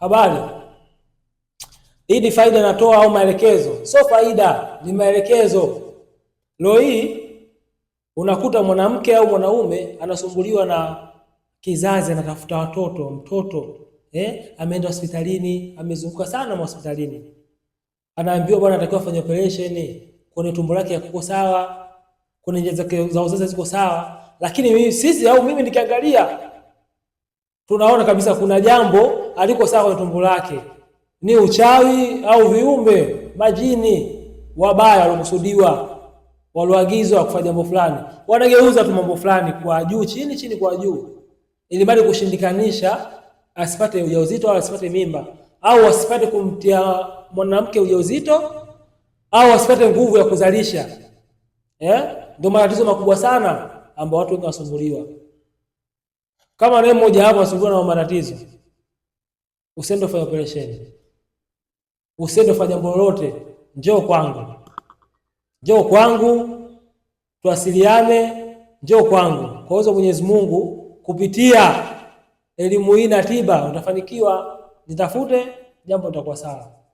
Habari. Hii ni faida natoa au maelekezo? Sio faida, ni maelekezo. Leo hii unakuta mwanamke au mwanaume anasumbuliwa na kizazi, anatafuta watoto, mtoto eh, ameenda hospitalini, amezunguka sana hospitalini, anaambiwa bwana, anatakiwa afanye operation kwenye tumbo lake, yako sawa, kwenye njia zake za uzazi ziko sawa, lakini mimi, sisi au mimi nikiangalia, tunaona kabisa kuna jambo aliko saa kwenye tumbo lake ni uchawi au viumbe majini wabaya waliokusudiwa walioagizwa kufanya jambo fulani, wanageuza tu mambo fulani kwa juu chini chini kwa juu, ili bali kushindikanisha asipate ujauzito au asipate mimba au asipate kumtia mwanamke ujauzito au asipate nguvu ya kuzalisha. Eh, ndio matatizo makubwa sana ambao watu wengi wasumbuliwa. Kama naye mmoja hapo asumbuliwa na matatizo usiende ufanye operation, usiende ufanye jambo lolote, njoo kwangu, njoo kwangu tuwasiliane, njoo kwangu. Kwa hiyo Mwenyezi Mungu kupitia elimu hii na tiba utafanikiwa, nitafute jambo litakuwa sawa.